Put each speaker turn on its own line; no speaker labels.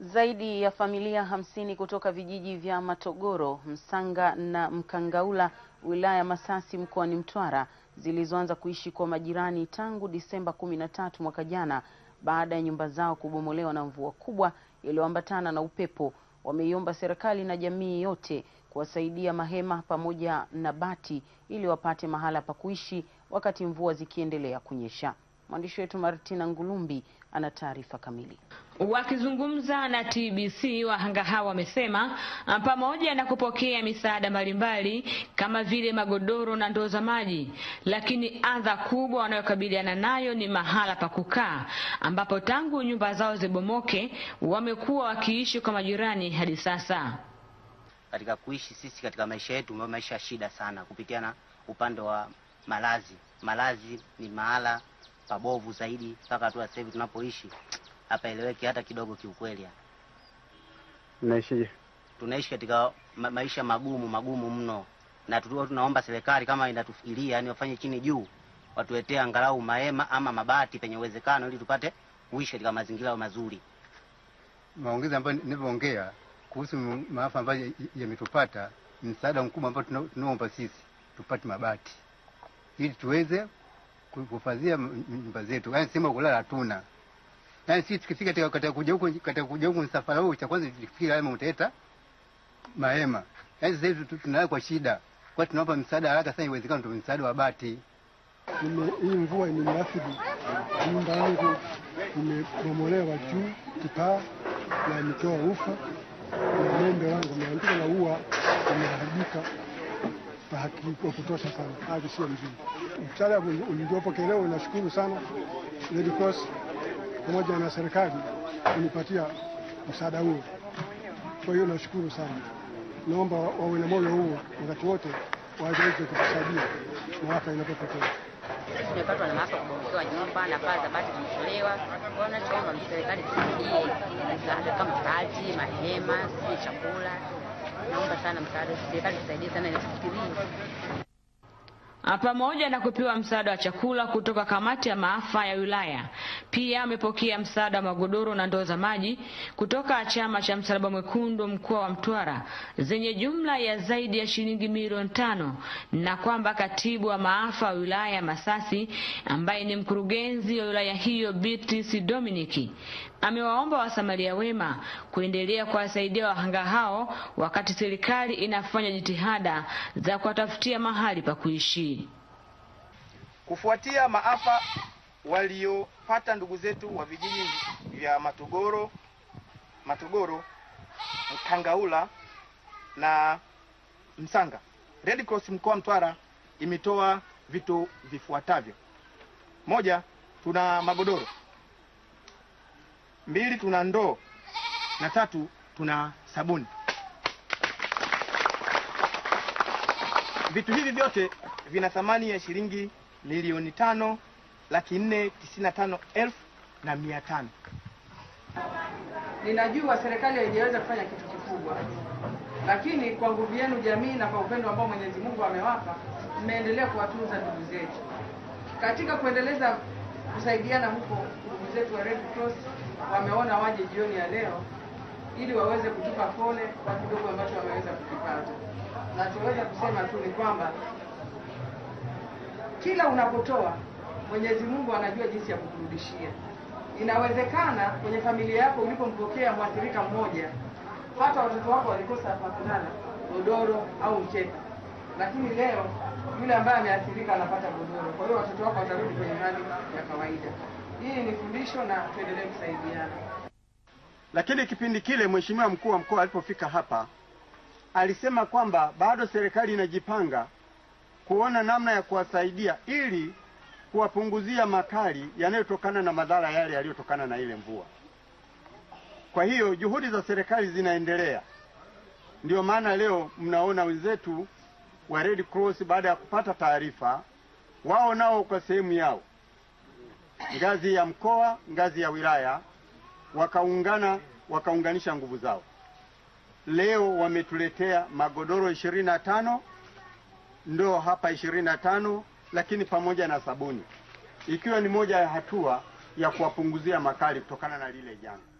Zaidi ya familia hamsini kutoka vijiji vya Matogoro, Msanga na Mkangaula wilaya Masasi mkoani Mtwara zilizoanza kuishi kwa majirani tangu Disemba kumi na tatu mwaka jana baada ya nyumba zao kubomolewa na mvua kubwa iliyoambatana na upepo, wameiomba serikali na jamii yote kuwasaidia mahema pamoja na bati ili wapate mahala pa kuishi wakati mvua zikiendelea kunyesha. Mwandishi wetu Martina Ngulumbi ana taarifa kamili.
Wakizungumza na TBC wahanga hao wamesema ah, pamoja na kupokea misaada mbalimbali kama vile magodoro na ndoo za maji, lakini adha kubwa wanayokabiliana nayo ni mahala pa kukaa, ambapo tangu nyumba zao zibomoke wamekuwa wakiishi kwa majirani hadi sasa.
Katika kuishi sisi katika maisha yetu maisha shida sana kupitia na upande wa malazi. Malazi ni mahala pabovu zaidi mpaka tu sasa hivi tunapoishi hapa eleweki hata kidogo kiukweli. Mnaishije? Tunaishi katika ma maisha magumu magumu mno, na tulikuwa tunaomba serikali kama inatufikiria, yani wafanye chini juu, watuletee angalau mahema ama mabati penye uwezekano, ili tupate kuishi katika mazingira mazuri.
Maongezi ambayo nilivyoongea kuhusu maafa ambayo yametupata, msaada mkubwa ambao tunaomba sisi tupate mabati ili tuweze kufadhia nyumba zetu, yaani sema kulala hatuna. Yaani sisi tukifika katika kuja huko katika kuja huko msafara huu, cha kwanza tulifikiri haya mtaeta mahema, yaani sasa hivi tunalala kwa shida, kwa tunawapa msaada haraka sana iwezekana, tu msaada wa bati.
Hii mvua imeniathiri nyumba yangu, imebomolewa juu kipaa na nitoa ufa na ng'ombe wangu na ua imeharibika hakikuwa kutosha sana, hali sio mzuri. Msaada uliopo leo, nashukuru sana Red Cross pamoja na serikali kunipatia msaada huo. Kwa hiyo nashukuru sana, naomba wawe na moyo huo wakati wote, waweze kutusaidia maafa inapotokea.
Tumepatwa na maafa kubomolewa nyumba na paa za bati zimetolewa. Nachoomba serikali tusaidie, kama bati mahema, si chakula naomba sana msaada, serikali tusaidie sana nifikirie
pamoja na kupewa msaada wa chakula kutoka kamati ya maafa ya wilaya, pia amepokea msaada wa magodoro na ndoo za maji kutoka chama cha Msalaba Mwekundu mkoa wa Mtwara zenye jumla ya zaidi ya shilingi milioni tano, na kwamba katibu wa maafa wa wilaya Masasi ambaye ni mkurugenzi wa wilaya hiyo Beatrice Dominiki Amewaomba wasamaria wema kuendelea kuwasaidia wahanga hao wakati serikali inafanya jitihada za kuwatafutia mahali pa kuishi.
Kufuatia maafa waliopata ndugu zetu wa vijiji vya Matogoro, Matogoro, Mkangaula na Msanga, Red Cross mkoa Mtwara imetoa vitu vifuatavyo: moja, tuna magodoro mbili tuna ndoo na tatu tuna sabuni. Vitu hivi vyote vina thamani ya shilingi milioni tano laki nne tisini na tano elfu na mia tano. Ninajua serikali haijaweza kufanya kitu kikubwa, lakini kwa nguvu yenu jamii na kwa upendo ambao Mwenyezi Mungu amewapa, mmeendelea kuwatunza ndugu zetu katika kuendeleza kusaidiana huko, ndugu zetu wa Red Cross wameona waje jioni ya leo ili waweze kutupa pole kwa kidogo ambacho wameweza kukipata. Nachoweza kusema tu ni kwamba kila unapotoa Mwenyezi Mungu anajua jinsi ya kukurudishia. Inawezekana kwenye familia yako ulipompokea mwathirika mmoja, hata watoto wako walikosa kulala, godoro au mkeka, lakini leo yule ambaye ameathirika anapata godoro. Kwa hiyo watoto wako watarudi kwenye hali ya kawaida hii ni fundisho na tuendelee kusaidiana.
Lakini kipindi kile mheshimiwa mkuu wa mkoa alipofika hapa alisema kwamba bado serikali inajipanga kuona namna ya kuwasaidia ili kuwapunguzia makali yanayotokana na madhara yale yaliyotokana na ile mvua. Kwa hiyo juhudi za serikali zinaendelea. Ndiyo maana leo mnaona wenzetu wa Red Cross baada ya kupata taarifa, wao nao kwa sehemu yao ngazi ya mkoa, ngazi ya wilaya, wakaungana wakaunganisha nguvu zao. Leo wametuletea magodoro ishirini na tano ndoo hapa ishirini na tano lakini pamoja na sabuni, ikiwa ni moja ya hatua ya kuwapunguzia makali kutokana na lile janga.